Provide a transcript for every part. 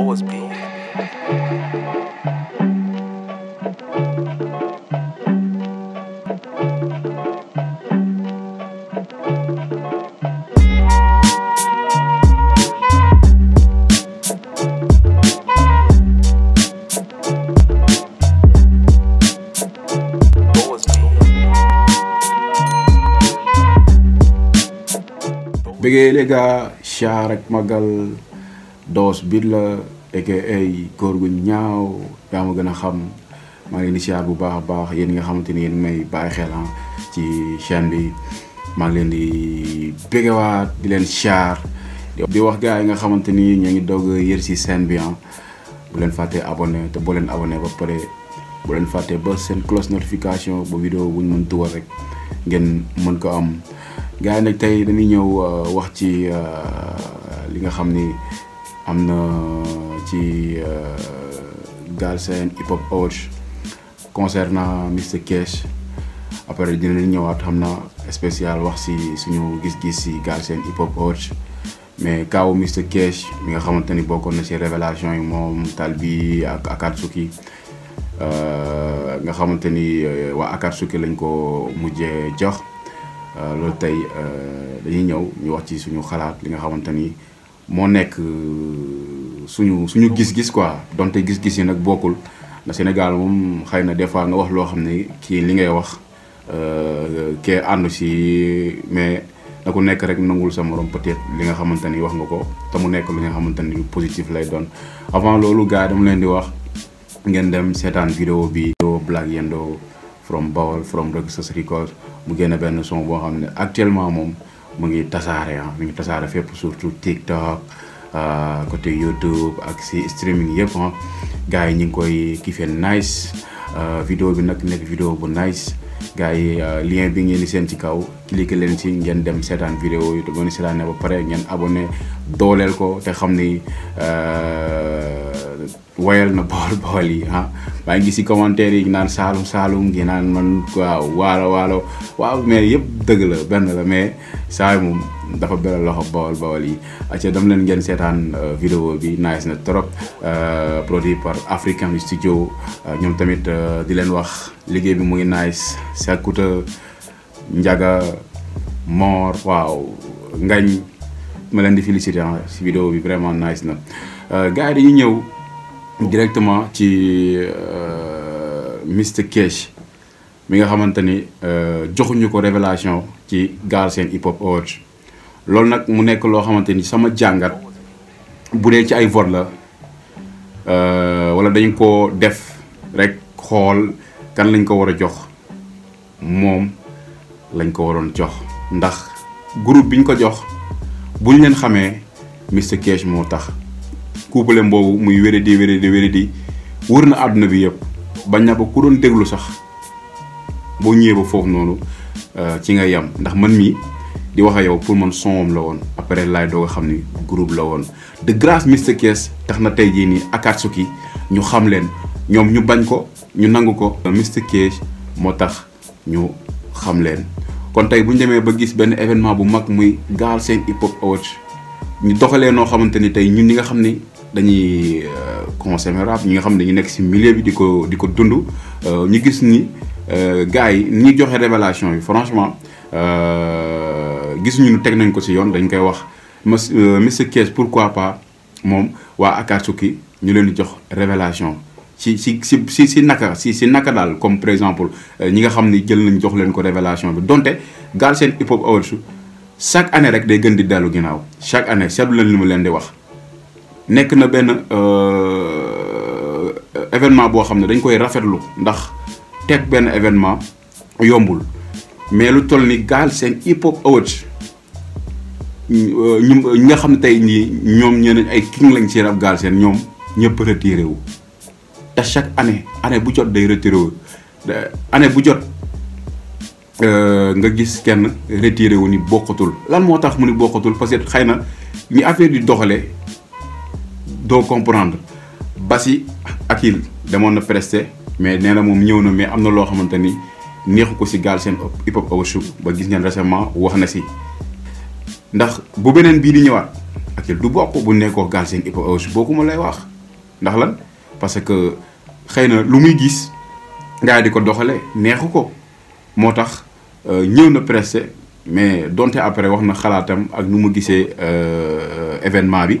Always be. les gars Chaar Magal dos bir la aka góor gu ñaaw yaa ma gën a xam maa ngi leen bu baax baax yéen nga xamante ni yéen may bàyyi xel ah, ci chaîne bi maa ngi leen di bégewaat di leen siyaar di wax gars yi nga xamante ni ñoo ngi dog yër si chaîne bi ah bu leen fàttee abonné te boo leen abonné ba pare bu leen fàttee ba seen close notification bu vidéo buñ mën tuwal rek ngeen mën ko am gars yi nag tey dañuy ñëw ah, wax ci ah, li nga xam ni am na ci euh, Galsen hip hop awards concernant Mr Cash après dinañ ñëwaat xam na spécial wax si suñu gis-gis si Galsen hip hop awards mais kaaw Mr Cash mi nga xamante ni bokkoon na si révélation yi moom Talbi ak Akatsuki euh, nga xamante ni euh, waa Akatsuki lañ ko mujjee jox loolu tey dañuy ñëw ñu wax ci suñu xalaat li nga xamante ni mo nek euh, suñu suñu gis-gis quoi donte gis-gis yi bokul bokkul na Sénégal mom xëy na des fois nga wax wah xam ki li ngay wax euh, kee andu si mais nako nek rek nangul sa morom peut-être li nga xamanteni wax nga ko tamu nek li nga xamanteni positif lay don avant lolu lo dama len di wax ngeen dem setan vidéo bi do blague Yendo from Bawol from Reug Seus Record mu génn ben son bo xam actuellement mom mu ngi tasaare ah mu ngi tasaare fépp surtout TikTok ah, côté YouTube ak si streaming yëpp ah gars yi ñu ngi koy kiffee nice ah, vidéo bi nag nekk vidéo bu nice gars yi ah, lien bi ngeen di seen ci kaw cliquer leen ci ngeen dem seetaan vidéo yi te ngeen seetaanee ba pare ngeen abonné dooleel ko te xam ni. wayal na bol boli ha ba ngi ci commentaire yi salung salum salum gi naan man quoi walo walo waaw mais yeb deug la ben la mais say mom dafa beral loxo bawal boli acca dam len ngeen setan euh, vidéo bi nice na trop euh, produit par african studio euh, ñom tamit di len wax liguey bi muy nice nice coûte njaga mor waaw ngañ ma len di féliciter ci vidéo bi vraiment nice na gars yi dañu ñew directement ci euh, Mr Cash mi nga xamante euh joxuñu ko révélation ci sen Hip Hop Awards loolu nak mu nek lo xamante sama jangat boudé ci ay vote la euh wala dañ ko def rek xol kan lañ ko wara jox mom lañ ko waroon jox ndax groupe biñ ko jox buñ leen xamé Mr Cash moo tax couplem boobu muy wéradi wéradi wéradi wër na bi yëpp bañ ba ku doon déglu sax boo ñëwee ba foofu noonu euh, ci nga yam ndax man mi di wax yow pour man sonwam la woon après laay doog a ni groupe la woon de grâce Mr kes tax na tey Akatsuki ñu xam len ñoom ñu bañ ko ñu nangu ko Mr Kees moo tax ñu xam leen kon tay bu démé ba gis ben événement bu mag muy sen Hip Hop Awards ñu doxale no xamanteni tay ñun ñi nga xamni dañuy euh, consommer rap ñi nga xam ne dañu nekk si milieu bi di ko di ko dund euh, ñu gis ni euh, gars yi ni joxe révélation yi franchement gis ñu ne teg nañ ko si yoon dañ koy wax Monsieur Kees pourquoi pas moom waa Akatsuki ñu leen di jox révélation si si si si si naka si si naka daal comme par exemple ñi nga xam ni jël nañ jox leen ko révélation bi donte Galsen Hip Hop Awards chaque année rek day gën di dellu ginnaaw chaque année seetlu leen li mu leen di wax nekk na benn euh, événement boo xam ne dañ koy rafetlu ndax teg benn événement yombul mais lu toll ni Galsen Hip Hop Awards euh, ñu ñi nga xam ne tey nii ñoom ñeneen ay king lañ ci rap seen ñoom ñëpp retiré wu. te chaque année année bu jot day retiré wu année bu jot euh, nga gis kenn retiré wu ni bokkatul lan moo tax mu ni bokkatul parce que xëy na ni affaire di doxalee. do comprendre Basi Akil demoon na presté mais néna na moom ñëw na mais amna lo xamanteni xamante ci gal sen si hip hop Awashu ba gis ñen récemment wax na ci ndax bu benen bi di ñëwaat Akil du bokku bu nekkoo gal sen hip hop Awashu boo ko lay wax ndax lan parce que xeyna lu muy gis nga di ko doxale neexu motax euh, ñëw na prester mais donte après wax na xalaatam ak nu mu gisee euh, événement bi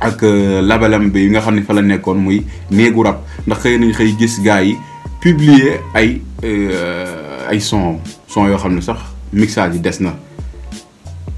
ak euh, labelam bi yi nga xam ne fa la nekkoon muy néegu rab ndax xëy nañu xëy gis gaa yi publier ay euh, ay son son yoo xam ne sax mixage yi des na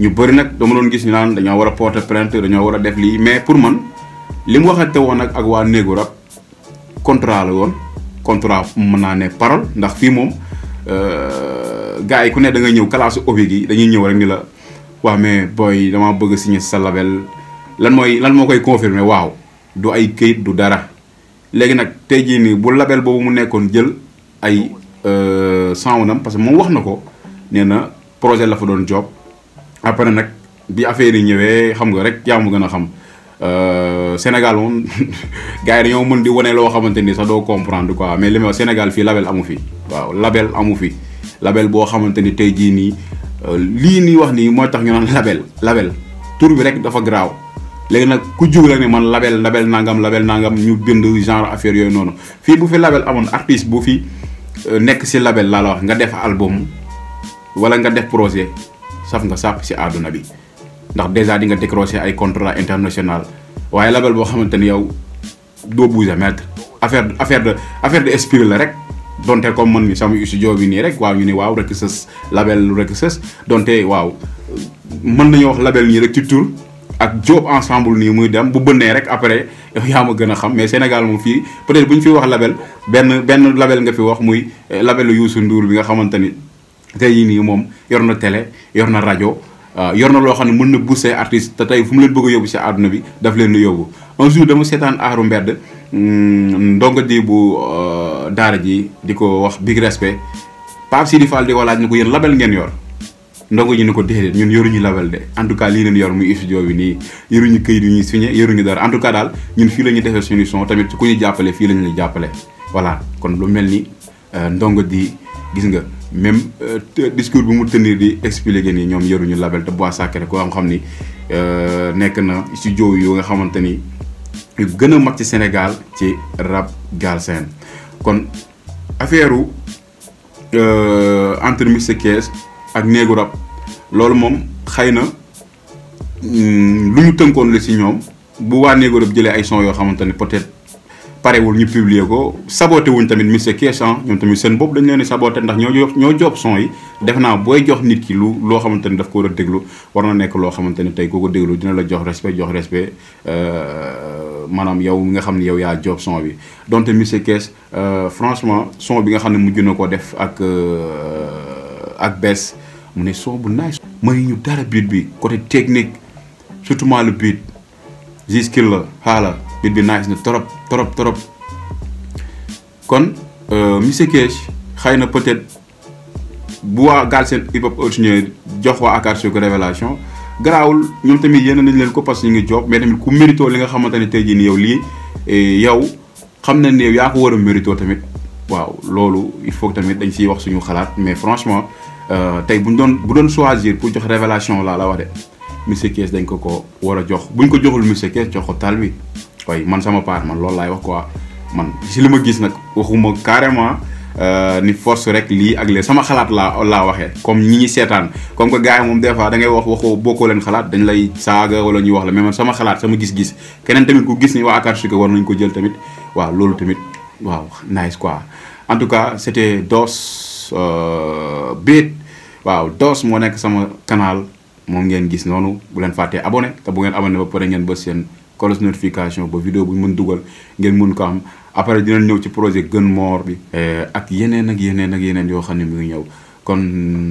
ñu bëri nag dama doon gis ñu naan dañoo war a porter plainte dañoo war a def lii mais pour man li mu te woon nag ak waa néegu rab contra la woon contrat mën naa ne paral ndax fii moom euh, gars yi ku ne da ñëw classe obi gi dañuy ñëw rek ni la waa mais booy dama bëgg signer sa label lan mooy lan moo koy confirmer waaw du ay këyit du dara léegi nag tey jii nii bu label boobu mu nekkoon jël ay euh, sanwunam parce que moom wax na ko nee na projet la fa doon job après nag bi affaire yi ñëwee xam nga rek yaa ma gën a xam euh, Sénégal moom gars yi dañoo mën di wane loo xamante ni sax doo comprendre quoi mais li Sénégal fii label amu fi waaw label amu fi label boo xamante ni tey jii nii euh, lii nuy wax nii mooy tax ñu naan label label tur bi rek dafa garaaw. léegi nag ku jug la ni man label label nangam label nangam ñu bind genre affaire yooyu noonu fii bu fi label amoon artiste bu fi euh, nekk si label laa la wax nga def album wala nga def projet saf nga sàpp si àdduna bi ndax déjà di nga décroché ay contrat international waaye label boo xamante ni yow doo bouger maître affaire affaire de affaire de esprit la rek donte comme man mi sama studio bi nii rek waaw ñu ne waaw rek sës label rek sës donte waaw mën nañu wax label ñi rek ci ak Diop ensemble nii muy dem bu bënnee rek après yaa ma gën a xam mais Sénégal moom fii peut-être bu ñu fi wax label benn benn label nga fi wax muy eh, labelu Youssou Ndour bi nga xamante ni tey jii nii moom yor na télé yor na rajo ah, yor na loo xam ne mën na booster artiste te tey fu mu leen bëgg a yóbbu si àdduna bi daf leen di yóbbu un jour dama seetaan aaru mbedd mm, ndongo di bu euh, daara ji di ko wax big respect Pape Sidi Fall di ko laaj ni ko yéen label ngeen yor. ndongo ñu ne ko déedéet ñun yoruñu label de en tout cas lii leen yor muy studio bi nii yoruñu këyit yu ñuy signé yoruñu dara en tout cas daal ñun fii la ñuy defee suñu son tamit ku ñu jàppale fii la ñu jàppale voilà kon lu mel ni euh, ndongo di gis nga même euh, discours bu mu tenir di expliquer nii ñoom yaruñu label te Bois Sacré ko am xam ni euh, nekk na studio yu nga xamante ni yu gën a mag ci senegal ci rab galsen kon affaire entre Mr Cash ak néegu rab loolu moom xëy na mm, lu ñu tënkoon la si ñoom bu waa néegu rab ay son peut-être parewul ñu publier ko saboté wuñ tamit monsieur ñoom tamit seen bopp dañ leen saboté ndax ñoo ñoo job son yi def naa booy jox nit ki lu loo xamante daf ko a déglu war na nekk loo xamante ne tey déglu la jox respect jox respect euh, maanaam yow nga xam yow son bi euh, franchement son bi nga ne def ak euh, ak mu ne son bu nice. may ñu dara but bi côté technique surtout le beat la bi nice na trop trop trop. kon euh mi xayna peut-être bu sen Hip Hop jox révélation Il ñoom tamit nañ leen ko parce que ñu ngi mais tamit ku mérito li nga ni yow eh, yow xam ne ko mérito tamit waaw loolu il faut tamit dañ mais franchement. Euh, tey bu ñu doon bu doon choisir pour jox révélation la la wax de monsieur Kees dañ ko ko war a jox buñ ko joxul monsieur Kees jox ko taal bi man sama part man loolu laay wax quoi man si li ma gis nag waxuma carrément Euh, ni force rek lii ak lee sama xalaat laa laa waxee comme ñi ñi seetaan comme que gars yi moom des fois da ngay wax waxoo bokkoo leen xalaat dañ lay saaga wala ñuy wax la mais man sama xalaat sama gis-gis keneen tamit ku gis ni waa Akarsuka war nañ ko jël tamit waaw loolu tamit waaw nice quoi en tout cas c'était dos euh, bét waaw Doss moo nekk sama canal moom ngeen gis noonu bu leen fàttee abonné te bu ngeen abonné ba pare ngeen bës seen cloche notification ba vidéo bu ñu mën dugal ngeen mën ko am après dinañ ñëw ci projet Gën Moor bi. Eh, ak yeneen ak yeneen ak yeneen yoo xam ne mu ngi ñëw kon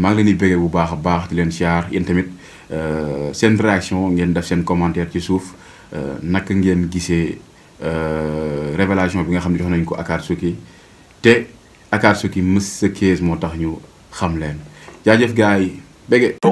maa ngi leen di bëggee bu baax a baax di leen siyaar yéen tamit eh, seen réaction ngeen def seen commentaire ci suuf eh, naka ngeen gisee révélation bi nga xam ne jox nañ ko Akatsuki te Akatsuki Mr Case moo tax ñu xam leen. jaajëf gars yi bëgge